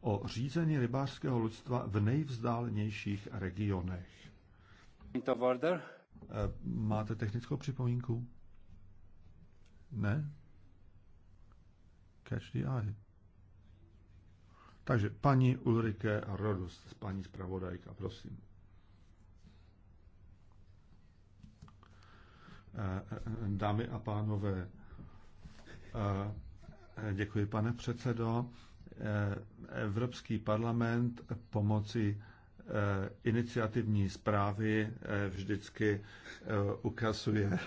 o řízení rybářského lidstva v nejvzdálenějších regionech. Eh, máte technickou připomínku? Ne? Catch the eye. Takže paní Ulrike Rodus, paní zpravodajka, prosím. Eh, eh, dámy a pánové, děkuji, pane předsedo. Evropský parlament pomocí eh, iniciativní zprávy eh, vždycky eh, ukazuje,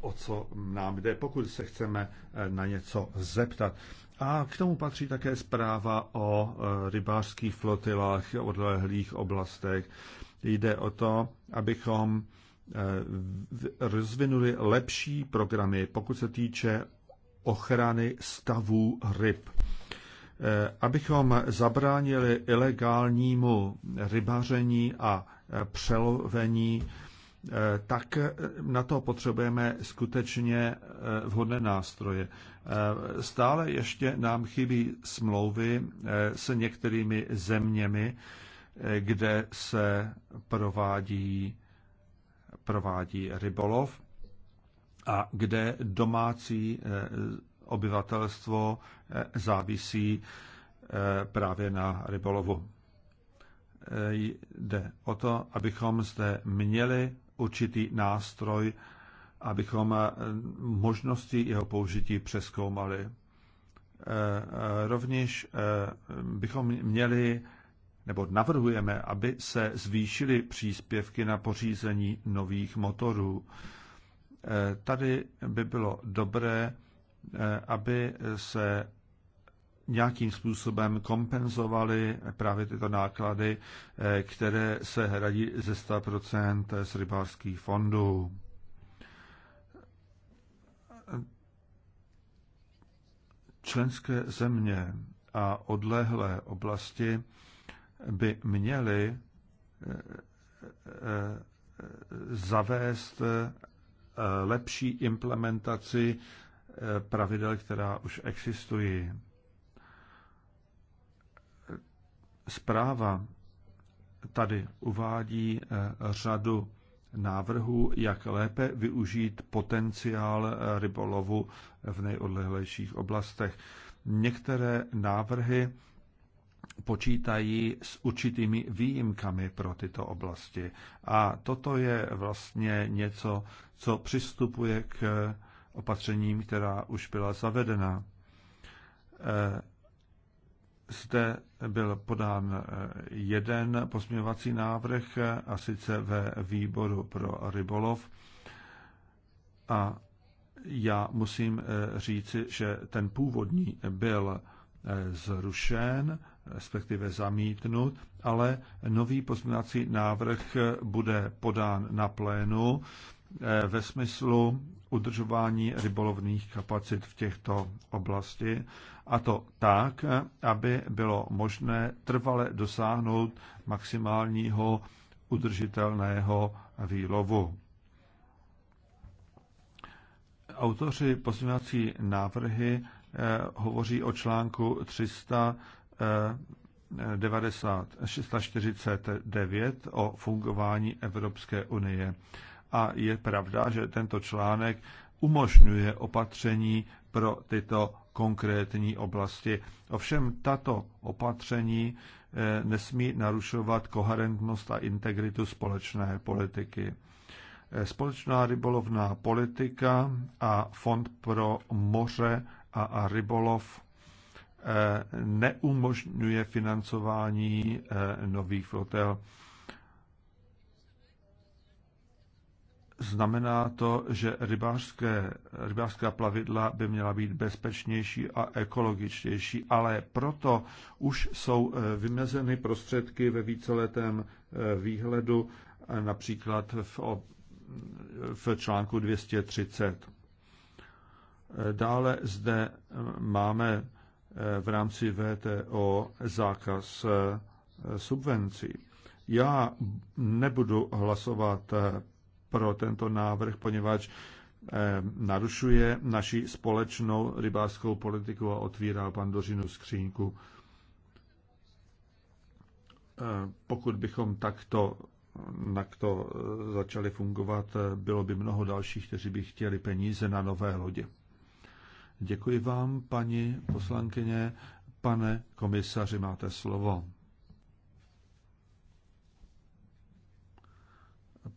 o co nám jde, pokud se chceme na něco zeptat. A k tomu patří také zpráva o rybářských flotilách, v odlehlých oblastech. Jde o to, abychom rozvinuli lepší programy, pokud se týče ochrany stavů ryb. Eh, abychom zabránili ilegálnímu rybaření a eh, přelovení, eh, tak na to potřebujeme skutečně vhodné nástroje. Stále ještě nám chybí smlouvy s některými zeměmi, kde se provádí, provádí rybolov a kde domácí eh, obyvatelstvo eh, závisí eh, právě na rybolovu. Jde o to, abychom zde měli určitý nástroj, abychom možnosti jeho použití přeskoumali. Rovněž bychom měli nebo navrhujeme, aby se zvýšily příspěvky na pořízení nových motorů. Eh, tady by bylo dobré, eh, aby se nějakým způsobem kompenzovaly právě tyto náklady, eh, které se hradí ze 100% z rybářských fondů. Členské země a odlehlé oblasti by měly zavést Eh, lepší implementaci eh, pravidel, která už existují. Zpráva tady uvádí eh, řadu návrhů, jak lépe využít potenciál rybolovu v nejodlehlejších oblastech. Některé návrhy počítají s určitými výjimkami pro tyto oblasti. A toto je vlastně něco, co přistupuje k opatřením, která už byla zavedena. Eh, zde byl podán eh, jeden pozměňovací návrh, eh, a sice ve výboru pro rybolov. A já musím říci, že ten původní byl zrušen, respektive zamítnut, ale nový pozměňovací návrh bude podán na plénu eh, ve smyslu udržování rybolovných kapacit v těchto oblasti, a to tak, aby bylo možné trvale dosáhnout maximálního udržitelného výlovu. Autoři pozměňovací návrhy Eh, hovoří o článku 349 eh, o fungování Evropské unie. A je pravda, že tento článek umožňuje opatření pro tyto konkrétní oblasti. Ovšem tato opatření eh, nesmí narušovat koherentnost a integritu společné politiky. Společná rybolovná politika a Fond pro moře a rybolov eh, neumožňuje financování eh, nových flotel. Znamená to, že rybářské, rybářská plavidla by měla být bezpečnější a ekologičtější, ale proto už jsou eh, vymezeny prostředky ve víceletém výhledu, například v, v článku 230. Dále zde máme eh, v rámci VTO zákaz eh, subvencí. Já nebudu hlasovat eh, pro tento návrh, poněvadž narušuje naši společnou rybářskou politiku a otvírá pandořinu skřínku. Pokud bychom takto, to začali fungovat, bylo by mnoho dalších, kteří by chtěli peníze na nové lodě. Děkuji vám, paní poslankyně. Pane komisaři, máte slovo.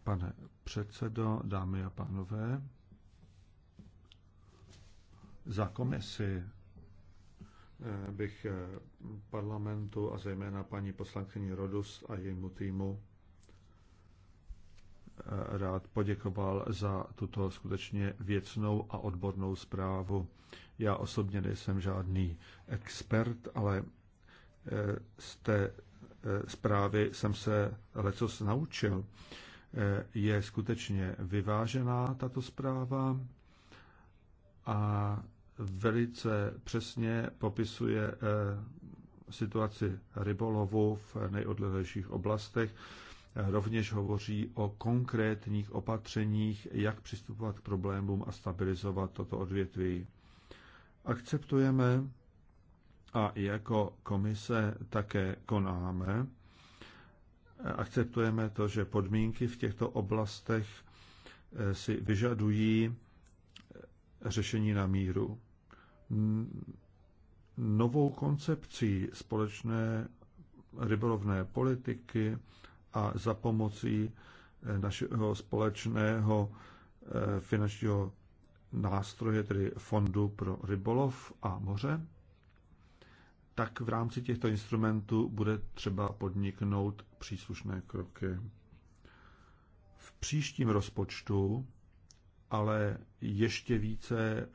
Pane předsedo, dámy a pánové, za komisi eh, bych eh, parlamentu a zejména paní poslankyni Rodus a jejímu týmu rád poděkoval za tuto skutečně věcnou a odbornou zprávu. Já osobně nejsem žádný expert, ale eh, z té eh, zprávy jsem se lecos naučil. Eh, je skutečně vyvážená tato zpráva a velice přesně popisuje situaci rybolovu v nejodlehlejších oblastech rovněž hovoří o konkrétních opatřeních, jak přistupovat k problémům a stabilizovat toto odvětví. Akceptujeme a jako komise také konáme. Akceptujeme to, že podmínky v těchto oblastech eh, si vyžadují eh, řešení na míru. Novou koncepcí společné rybolovné politiky a za pomocí eh, našeho společného eh, finančního nástroje, tedy Fondu pro rybolov a moře, tak v rámci těchto instrumentů bude třeba podniknout příslušné kroky. V příštím rozpočtu, ale ještě více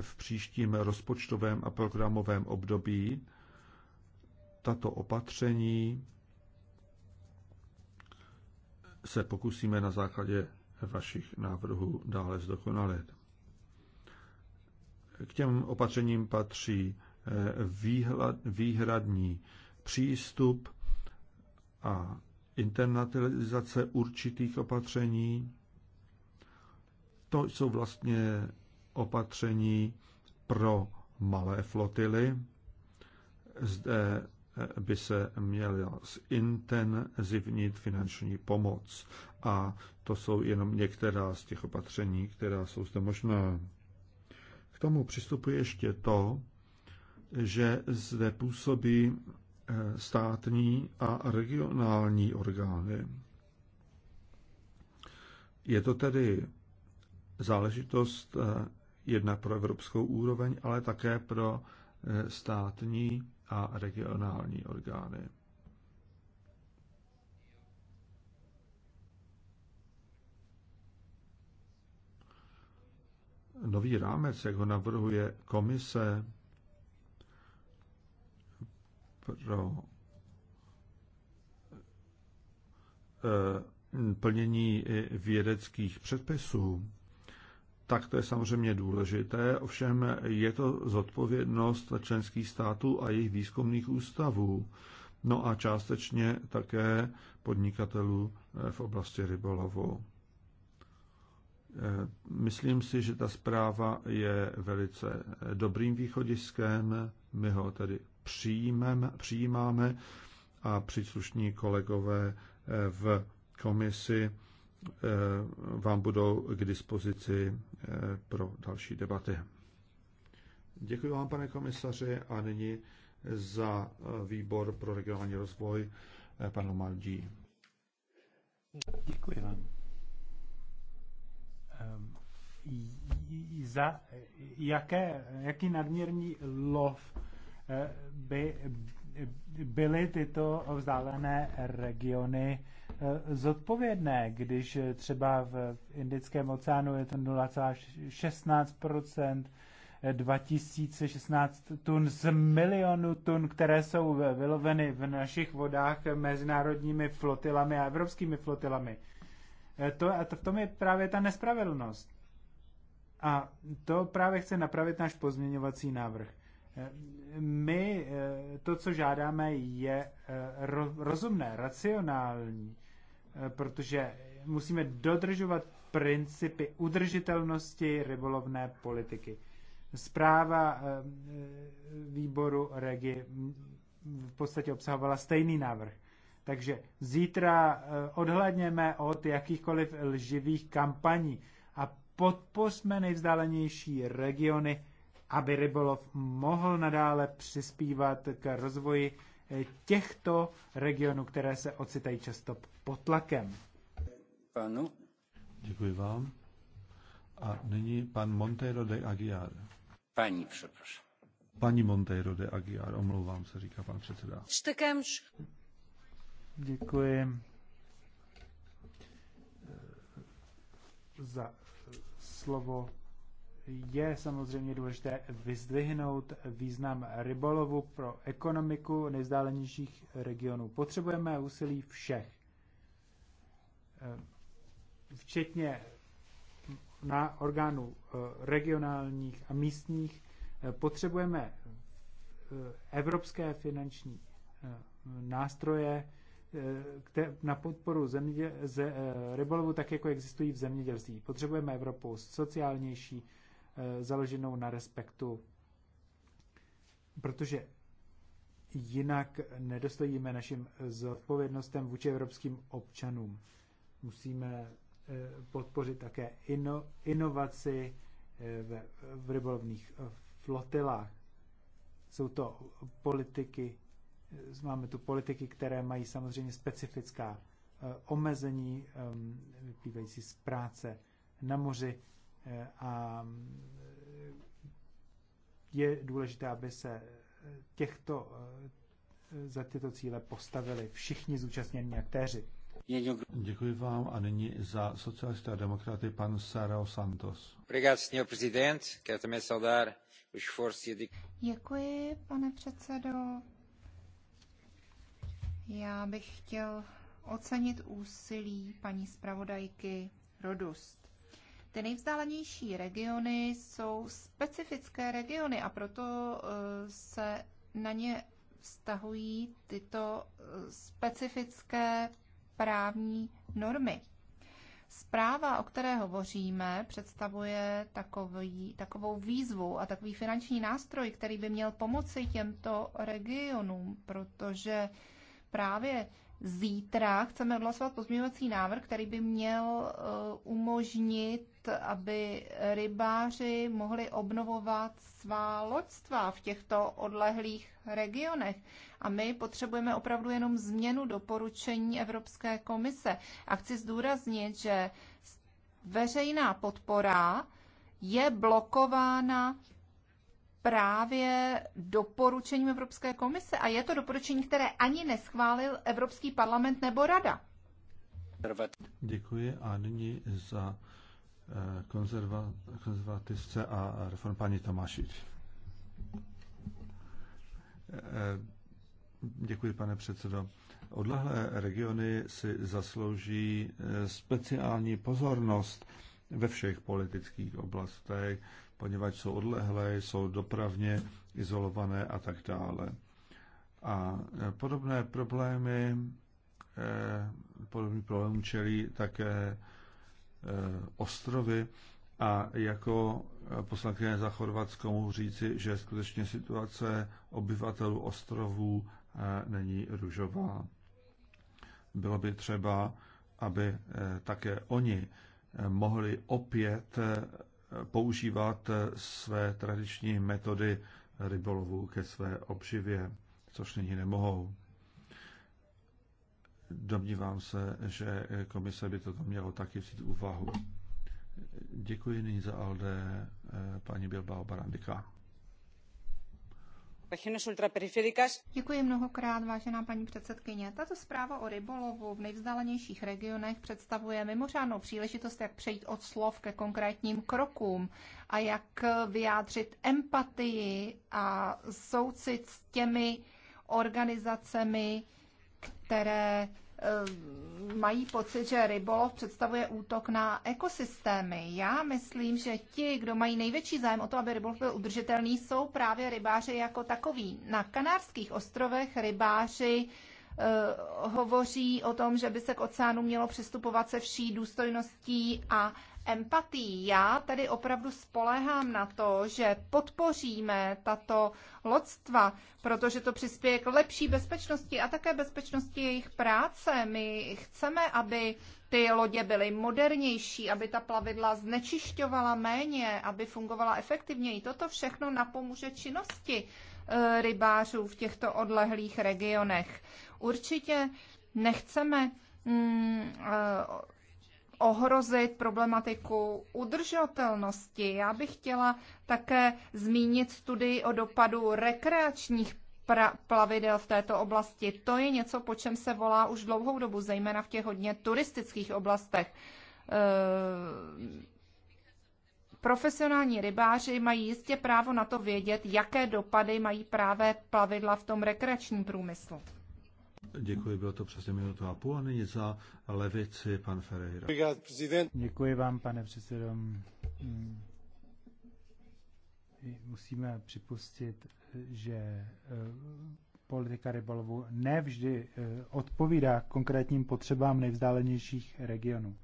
v příštím rozpočtovém a programovém období, tato opatření se pokusíme na základě vašich návrhů dále zdokonalit. K těm opatřením patří eh, výhlad, výhradní přístup a internalizace určitých opatření. To jsou vlastně opatření pro malé flotily. Zde by se měla zintenzivnit finanční pomoc. A to jsou jenom některá z těch opatření, která jsou zde možná. K tomu přistupuje ještě to, že zde působí eh, státní a regionální orgány. Je to tedy záležitost eh, jedna pro evropskou úroveň, ale také pro eh, státní a regionální orgány. Nový rámec, jak ho navrhuje komise pro eh, plnění vědeckých předpisů, tak to je samozřejmě důležité, ovšem je to zodpovědnost členských států a jejich výzkumných ústavů, no a částečně také podnikatelů eh, v oblasti rybolovu. Eh, myslím si, že ta zpráva je velice eh, dobrým východiskem, my ho tedy přijímáme a příslušní kolegové v komisi Eh, vám budou k dispozici eh, pro další debaty. Děkuji vám, pane komisaři, a nyní za eh, výbor pro regionální rozvoj panu Maldí. Děkuji vám. Ehm, za jaké, jaký nadměrný lov by byly tyto vzdálené regiony Eh, zodpovědné, když eh, třeba v Indickém oceánu je to 0,16%, 2016 eh, tun z milionu tun, které jsou vyloveny v našich vodách mezinárodními flotilami a evropskými flotilami. To, a to v tom je právě ta nespravedlnost. A to právě chce napravit náš pozměňovací návrh. My eh, to, co žádáme, je eh, rozumné, racionální, eh, protože musíme dodržovat principy udržitelnosti rybolovné politiky. Zpráva výboru Regi mm, v podstatě obsahovala stejný návrh. Takže zítra odhledněme od jakýchkoliv lživých kampaní a podpořme nejvzdálenější regiony aby rybolov mohl nadále přispívat k rozvoji eh, těchto regionů, které se ocitají často pod tlakem. Panu. Děkuji vám. A nyní pan Monteiro de Aguiar. Paní, přepraszam. Paní Monteiro de Aguiar, omlouvám se, říká pan předseda. Děkuji eh, za slovo je samozřejmě důležité vyzdvihnout význam rybolovu pro ekonomiku nejzdálenějších regionů. Potřebujeme úsilí všech, eh, včetně na orgánů eh, regionálních a místních. Eh, potřebujeme evropské finanční nástroje na podporu země, z, rybolovu, tak jako existují v zemědělství. Potřebujeme Evropu sociálnější, Eh, založenou na respektu, protože jinak nedostojíme našim zodpovědnostem vůči evropským občanům. Musíme eh, podpořit také ino, inovaci eh, v, v rybolovných flotilách. Jsou to politiky, máme tu politiky, které mají samozřejmě specifická omezení vyplývající z práce na moři Eh, a eh, je důležité, aby se těchto, eh, za tyto cíle postavili všichni zúčastnění aktéři. Děkuji vám a nyní za socialisté a demokraty pan Sarao Santos. E Děkuji, pane předsedo. Já bych chtěl ocenit úsilí paní zpravodajky Rodust. Ty nejvzdálenější regiony jsou specifické regiony a proto e, se na ně vztahují tyto e, specifické právní normy. Zpráva, o které hovoříme, představuje takový, takovou výzvu a takový finanční nástroj, který by měl pomoci těmto regionům, protože právě Zítra chceme odhlasovat pozměňovací návrh, který by měl eh, umožnit, aby rybáři mohli obnovovat svá loďstva v těchto odlehlých regionech. A my potřebujeme opravdu jenom změnu doporučení Evropské komise. A chci zdůraznit, že veřejná podpora je blokována právě doporučením Evropské komise a je to doporučení, které ani neschválil Evropský parlament nebo Rada. Děkuji a nyní za eh, konzerva, konzervativce a reform paní Tomášič. Eh, děkuji, pane předsedo. Odlehlé regiony si zaslouží eh, speciální pozornost ve všech politických oblastech, poněvadž jsou odlehlé, jsou dopravně izolované a tak dále. A e, podobné problémy, e, podobný problém čelí také e, ostrovy a jako poslankyně za Chorvatsko mohu říci, že skutečně situace obyvatelů ostrovů není růžová. Bylo by třeba, aby také oni mohli opět používat své tradiční metody rybolovu ke své obživě, což nyní nemohou. Domnívám se, že komise by toto mělo taky vzít úvahu. Děkuji nyní za Alde paní Bilbao Barandika. Děkuji mnohokrát, vážená paní předsedkyně. Tato zpráva o rybolovu v nejvzdálenějších regionech představuje mimořádnou příležitost, jak přejít od slov ke konkrétním krokům a jak vyjádřit empatii a soucit s těmi organizacemi, které Eh, mají pocit, že rybolov představuje útok na ekosystémy. Já myslím, že ti, kdo mají největší zájem o to, aby rybolov byl udržitelný, jsou právě rybáři jako takový. Na Kanárských ostrovech rybáři eh, hovoří o tom, že by se k oceánu mělo přistupovat se vší důstojností a empatií. Já tedy opravdu spoléhám na to, že podpoříme tato lodstva, protože to přispěje k lepší bezpečnosti a také bezpečnosti jejich práce. My chceme, aby ty lodě byly modernější, aby ta plavidla znečišťovala méně, aby fungovala efektivněji. Toto všechno napomůže činnosti eh, rybářů v těchto odlehlých regionech. Určitě nechceme mm, eh, ohrozit problematiku udržitelnosti. Já bych chtěla také zmínit studii o dopadu rekreačních plavidel v této oblasti. To je něco, po čem se volá už dlouhou dobu, zejména v těch hodně turistických oblastech. Eh, profesionální rybáři mají jistě právo na to vědět, jaké dopady mají právě plavidla v tom rekreačním průmyslu. Děkuji, bylo to přesně minutu a půl. A nyní za levici pan Ferreira. Děkuji vám, pane předsedo. Musíme připustit, že eh, politika rybolovu nevždy eh, odpovídá konkrétním potřebám nejvzdálenějších regionů.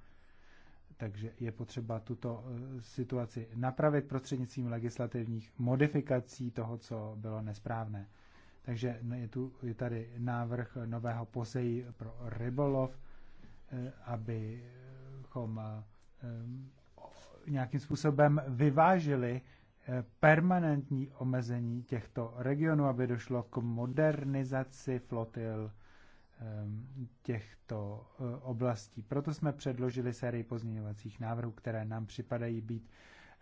Takže je potřeba tuto eh, situaci napravit prostřednictvím legislativních modifikací toho, co bylo nesprávné. Takže je, tu, je tady návrh nového poseji pro rybolov, eh, abychom eh, eh, nějakým způsobem vyvážili permanentní omezení těchto regionů, aby došlo k modernizaci flotil těchto oblastí. Proto jsme předložili sérii pozměňovacích návrhů, které nám připadají být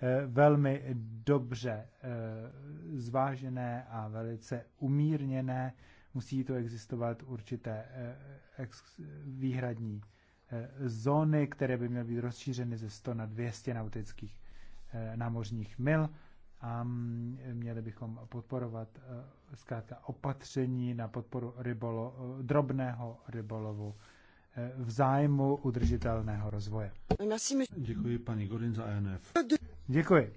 Eh, velmi dobře eh, zvážené a velice umírněné. Musí to existovat určité eh, výhradní zóny, které by měly být rozšířeny ze 100 na 200 nautických námořních mil a mm, měli bychom podporovat zkrátka opatření na podporu rybolo, drobného rybolovu v zájmu udržitelného rozvoje. Děkuji paní Godin za ANF. E Děkuji.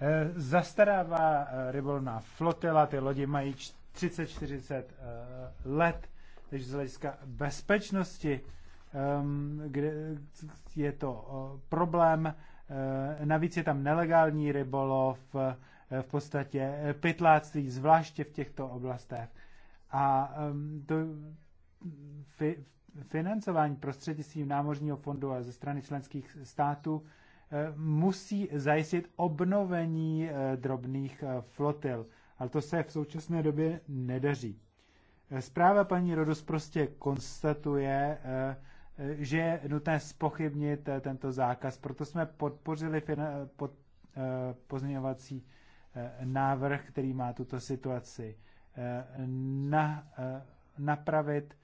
Eh, zastarává eh, rybolovná flotila, ty lodi mají 30-40 eh, let, takže z hlediska bezpečnosti ehm, kde je to problém. Navíc je tam nelegální rybolov, v podstatě pytláctví, zvláště v těchto oblastech. A ehm, to financování prostřednictvím námořního fondu a ze strany členských států musí zajistit obnovení eh, drobných eh, flotil. Ale to se v současné době nedaří. Eh, zpráva paní Rodos prostě konstatuje, že je nutné spochybnit tento zákaz. Proto jsme podpořili pod, pozměňovací návrh, který má tuto situaci na, napravit.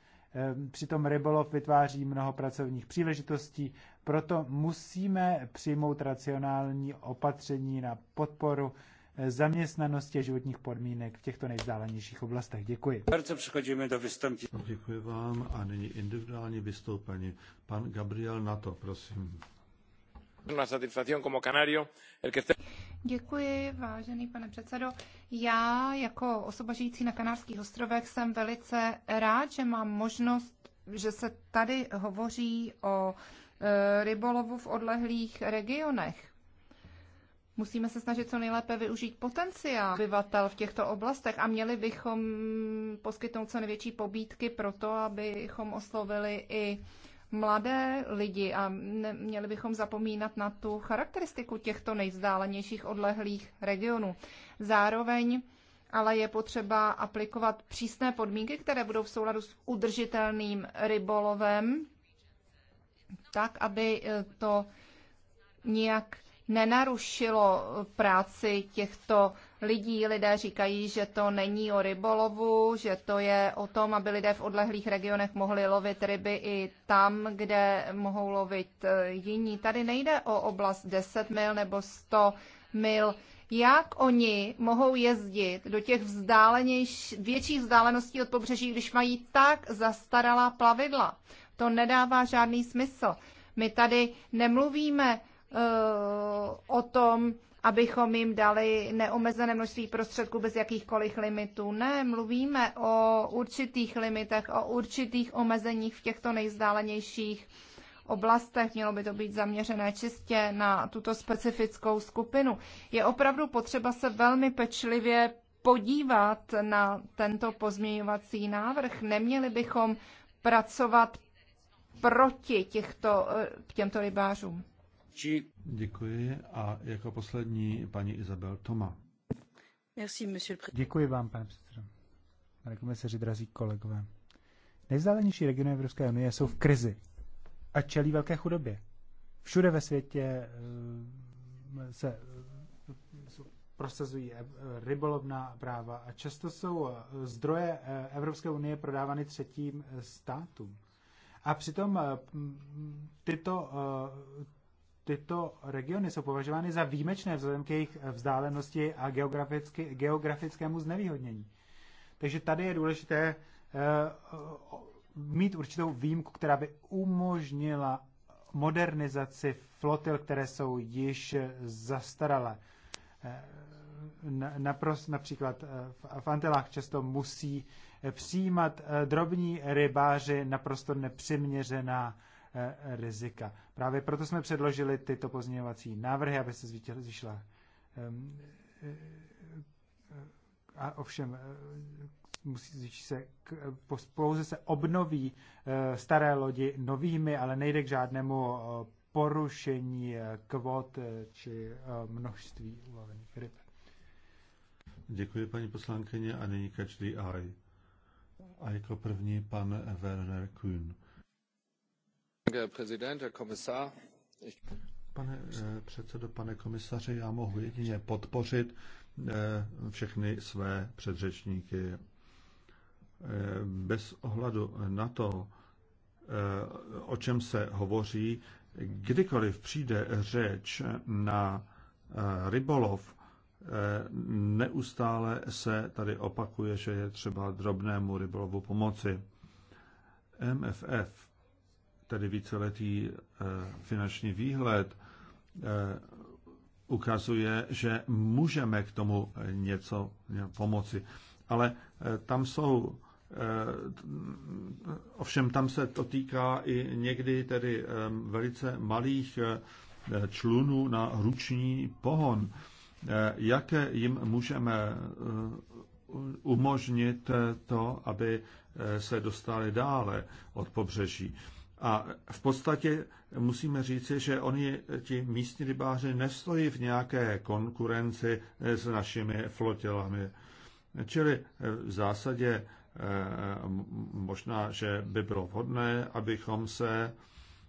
Přitom rybolov vytváří mnoho pracovních příležitostí proto musíme přijmout racionální opatření na podporu eh, zaměstnanosti a životních podmínek v těchto nejvzdálenějších oblastech. Děkuji. Bardzo přechodíme do vystoupení. Děkuji vám a nyní individuální vystoupení. Pan Gabriel Nato, prosím. Děkuji, vážený pane předsedo. Já jako osoba žijící na Kanárských ostrovech jsem velice rád, že mám možnost že se tady hovoří o e, rybolovu v odlehlých regionech. Musíme se snažit co nejlépe využít potenciál obyvatel v těchto oblastech a měli bychom poskytnout co největší pobídky pro to, abychom oslovili i mladé lidi a ne, měli bychom zapomínat na tu charakteristiku těchto nejvzdálenějších odlehlých regionů. Zároveň ale je potřeba aplikovat přísné podmínky, které budou v souladu s udržitelným rybolovem, tak, aby eh, to nijak nenarušilo eh, práci těchto lidí. Lidé říkají, že to není o rybolovu, že to je o tom, aby lidé v odlehlých regionech mohli lovit ryby i tam, kde mohou lovit eh, jiní. Tady nejde o oblast 10 mil nebo 100 mil jak oni mohou jezdit do těch větších vzdáleností od pobřeží, když mají tak zastaralá plavidla. To nedává žádný smysl. My tady nemluvíme uh, o tom, abychom jim dali neomezené množství prostředků bez jakýchkoliv limitů. Ne, mluvíme o určitých limitech, o určitých omezeních v těchto nejzdálenějších. uh, oblastech, mělo by to být zaměřené čistě na tuto specifickou skupinu. Je opravdu potřeba se velmi pečlivě podívat na tento pozměňovací návrh. Neměli bychom pracovat proti těchto, eh, těmto rybářům. Děkuji a jako poslední paní Izabel Toma. Děkuji vám, pane předsedo. Pane komisaři, drazí kolegové. Nejzdálenější regiony Evropské unie jsou v krizi a čelí velké chudobě. Všude ve světě eh, se eh, prosazují rybolovná práva a často jsou eh, zdroje Evropské unie prodávány třetím státům. A přitom tyto, tyto regiony jsou považovány za výjimečné vzhledem k jejich vzdálenosti a geograficky, geografickému znevýhodnění. Takže tady je důležité mít určitou výjimku, která by umožnila modernizaci flotil, které jsou již zastaralé. Eh, Naprost, například eh, v Antilách často musí eh, přijímat drobní rybáři naprosto nepřiměřená rizika. Právě proto jsme předložili tyto pozměňovací návrhy, aby se zvýšila ehm, a ovšem musí se, pouze se obnoví eh, staré lodi novými, ale nejde k žádnému eh, porušení eh, kvot či množství ulovených ryb. Děkuji, paní poslankyně, a nyní Catch the A jako první pan Werner Kuhn. Pane předsedo, pane komisaři, já mohu jedině podpořit všechny své předřečníky Eh, bez ohledu na to, eh, o čem se hovoří, kdykoliv přijde řeč na eh, rybolov, neustále se tady opakuje, že je třeba drobnému rybolovu pomoci. MFF, tedy víceletý finanční výhled, ukazuje, že můžeme k tomu něco pomoci. Ale tam jsou Eh, ovšem tam se to týká i někdy tedy eh, velice malých eh, člunů na ruční pohon. Jaké jim můžeme umožnit to, aby se dostali dále od pobřeží. A v podstatě musíme říci, že oni, ti místní rybáři, nestojí v nějaké konkurenci s našimi flotilami. Čili v zásadě Eh, možná, že by bylo vhodné, abychom se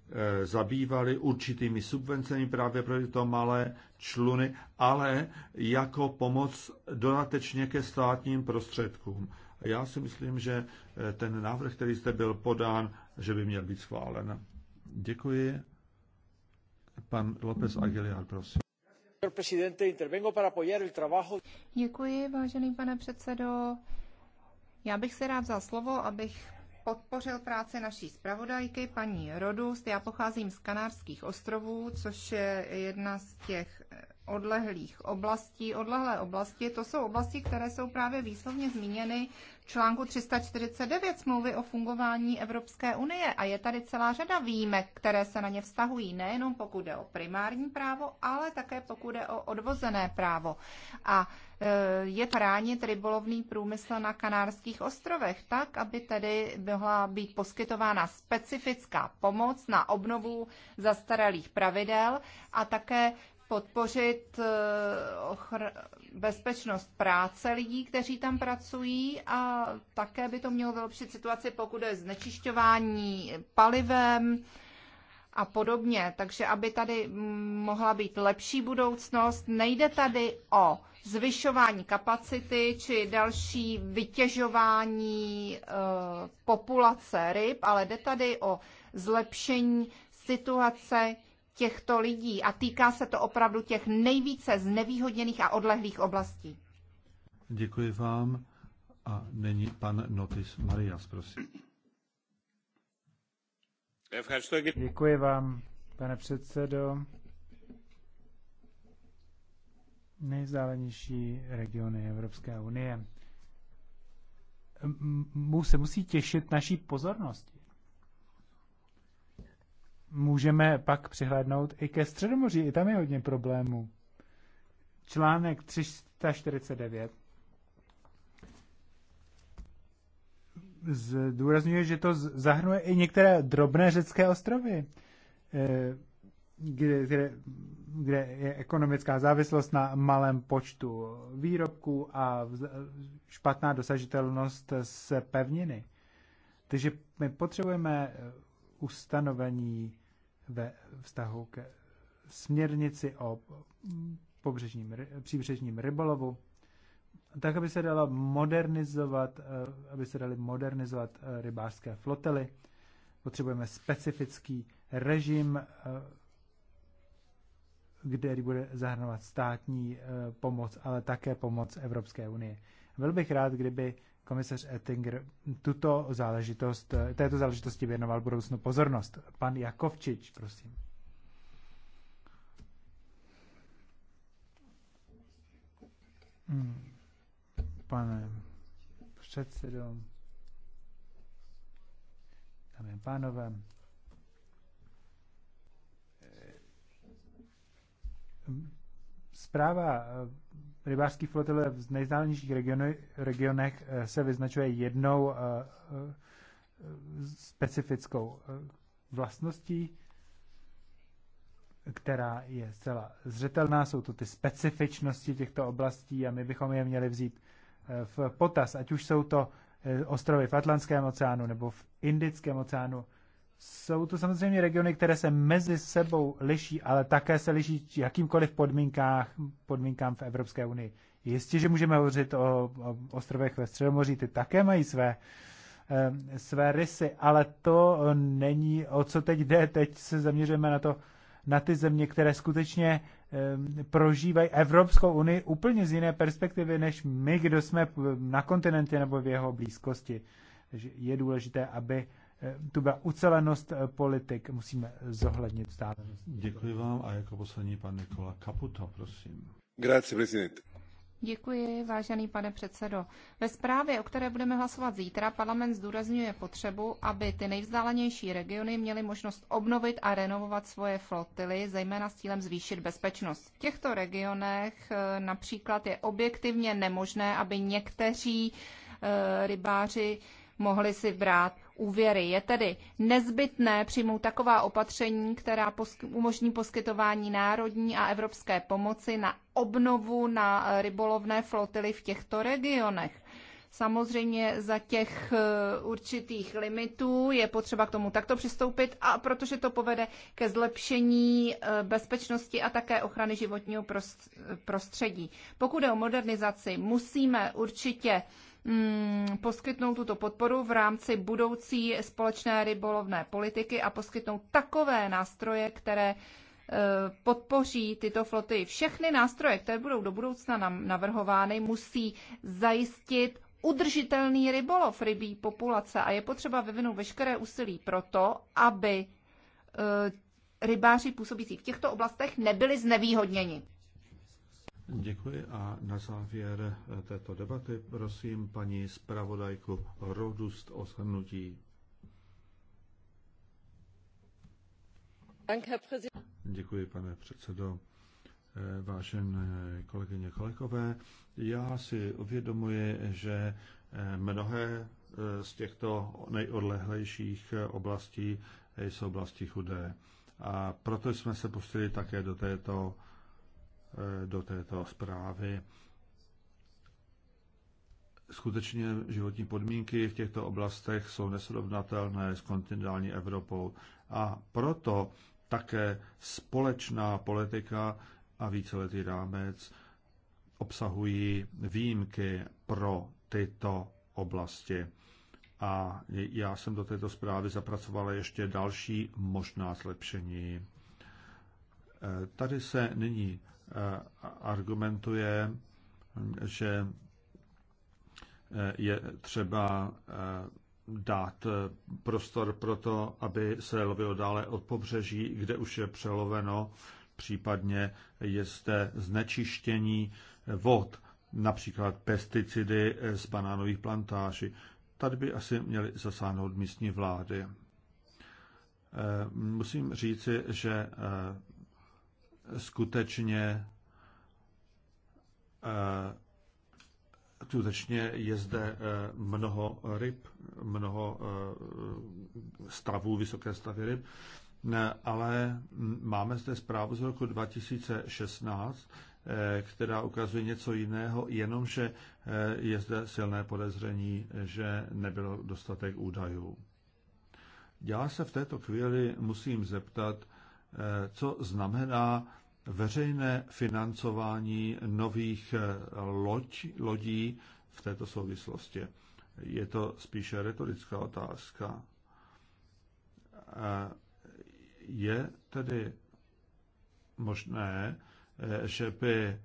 eh, zabývali určitými subvencemi právě pro tyto malé čluny, ale jako pomoc dodatečně ke státním prostředkům. Já si myslím, že eh, ten návrh, který zde byl podán, že by měl být schválen. Děkuji. Pan López Aguilar, prosím. Děkuji, vážený pane předsedo. Já bych se rád vzal slovo, abych podpořil práci naší zpravodajky, paní Rodust. Já pocházím z Kanárských ostrovů, což je jedna z těch odlehlých oblastí. Odlehlé oblasti to jsou oblasti, které jsou právě výslovně zmíněny v článku 349 smlouvy o fungování Evropské unie a je tady celá řada výjimek, které se na ně vztahují, nejenom pokud jde o primární právo, ale také pokud jde o odvozené právo. A e, je chránit rybolovný průmysl na Kanárských ostrovech tak, aby tedy byla být poskytována specifická pomoc na obnovu zastaralých pravidel a také podpořit eh, bezpečnost práce lidí, kteří tam pracují a také by to mělo vylepšit situaci, pokud je znečišťování palivem a podobně. Takže aby tady mohla být lepší budoucnost, nejde tady o zvyšování kapacity či další vytěžování e, populace ryb, ale jde tady o zlepšení situace těchto lidí a týká se to opravdu těch nejvíce znevýhodněných a odlehlých oblastí. Děkuji vám a není pan Notis Marias, prosím. Děkuji vám, pane předsedo. Nejzálenější regiony Evropské unie mu se musí těšit naší pozornosti můžeme pak přihlédnout i ke Středomoří, i tam je hodně problémů. Článek 349 zdůrazňuje, že to zahrnuje i některé drobné řecké ostrovy, eh, kde, kde, kde je ekonomická závislost na malém počtu výrobků a špatná dosažitelnost z pevniny. Takže my potřebujeme ustanovení ve vztahu ke směrnici o pobřežním, příbřežním rybolovu, tak, aby se dala modernizovat, eh, aby se daly modernizovat eh, rybářské flotily. Potřebujeme specifický režim, eh, který bude zahrnovat státní pomoc, ale také pomoc Evropské unie. Byl bych rád, kdyby komisař Ettinger tuto záležitost, této záležitosti věnoval budoucnu pozornost. Pan Jakovčič, prosím. Hmm. Pane předsedo, dámy a pánové, zpráva rybářský flotile v nejvzdálenějších regionech eh, se vyznačuje jednou eh, eh, specifickou vlastností, která je zcela zřetelná. Jsou to ty specifičnosti těchto oblastí a my bychom je měli vzít v potaz, ať už jsou to ostrovy v Atlantském oceánu nebo v Indickém oceánu jsou to samozřejmě regiony, které se mezi sebou liší, ale také se liší jakýmkoliv podmínkách, podmínkám v Evropské unii. Jistě, že můžeme hovořit o, o ostrovech ve Středomoří, ty také mají své, eh, své rysy, ale to není, o co teď jde. Teď se zaměřujeme na to, na ty země, které skutečně eh, prožívají Evropskou unii úplně z jiné perspektivy, než my, kdo jsme na kontinentě nebo v jeho blízkosti. Takže je důležité, aby Eh, tu byla ucelenost eh, politik, musíme zohlednit stále. Děkuji vám a jako poslední pan Nikola Kaputo, prosím. Grazie, prezident. Děkuji, vážený pane předsedo. Ve zprávě, o které budeme hlasovat zítra, parlament zdůrazňuje potřebu, aby ty nejvzdálenější regiony měly možnost obnovit a renovovat svoje flotily, zejména s cílem zvýšit bezpečnost. V těchto regionech eh, například je objektivně nemožné, aby někteří rybáři mohli si brát úvěry. Je tedy nezbytné přijmout taková opatření, která umožní poskytování národní a evropské pomoci na obnovu na eh, rybolovné flotily v těchto regionech. Samozřejmě za těch eh, určitých limitů je potřeba k tomu takto přistoupit, a protože to povede ke zlepšení eh, bezpečnosti a také ochrany životního prostředí. Pokud je o modernizaci, musíme určitě Mm, poskytnout tuto podporu v rámci budoucí společné rybolovné politiky a poskytnout takové nástroje, které e, podpoří tyto floty. Všechny nástroje, které budou do budoucna navrhovány, musí zajistit udržitelný rybolov rybí populace a je potřeba vyvinout veškeré úsilí pro to, aby e, rybáři působící v těchto oblastech nebyli znevýhodněni. Děkuji a na závěr této debaty prosím paní zpravodajku Rodust o shrnutí. Děkuji, pane předsedo. Vážené kolegyně, kolegové, já si uvědomuji, že mnohé z těchto nejodlehlejších oblastí jsou oblasti chudé. A proto jsme se pustili také do této Eh, do této zprávy. Skutečně životní podmínky v těchto oblastech jsou nesrovnatelné s kontinentální Evropou a proto také společná politika a víceletý rámec obsahují výjimky pro tyto oblasti. A já jsem do této zprávy zapracovala ještě další možná zlepšení. Tady se nyní eh, argumentuje, že eh, je třeba eh, dát prostor pro to, aby se lovilo dále od pobřeží, kde už je přeloveno, případně je zde znečištění vod, například pesticidy z banánových plantáží. Tady by asi měly zasáhnout místní vlády. Musím říci, že skutečně eh, skutečně je zde eh, mnoho ryb, mnoho eh, stavů, vysoké stavy ryb, ale máme zde zprávu z roku 2016, která ukazuje něco jiného, jenomže je zde silné podezření, že nebylo dostatek údajů. Já se v této chvíli musím zeptat, Eh, co znamená veřejné financování nových eh, loď, lodí v této souvislosti. Je to spíše retorická otázka. Eh, je tedy možné, že by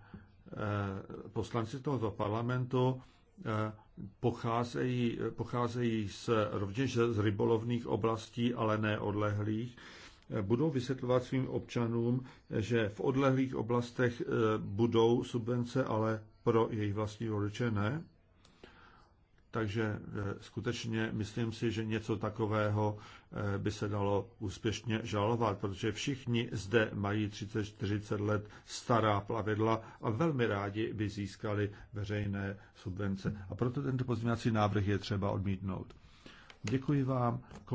poslanci tohoto parlamentu pocházejí, pocházejí z, rovněž z rybolovných oblastí, ale ne odlehlých, budou vysvětlovat svým občanům, že v odlehlých oblastech eh, budou subvence, ale pro jejich vlastní voliče ne. Takže eh, skutečně myslím si, že něco takového eh, by se dalo úspěšně žalovat, protože všichni zde mají 30-40 let stará plavidla a velmi rádi by získali veřejné subvence. A proto tento pozměňovací návrh je třeba odmítnout. Děkuji vám. Končím.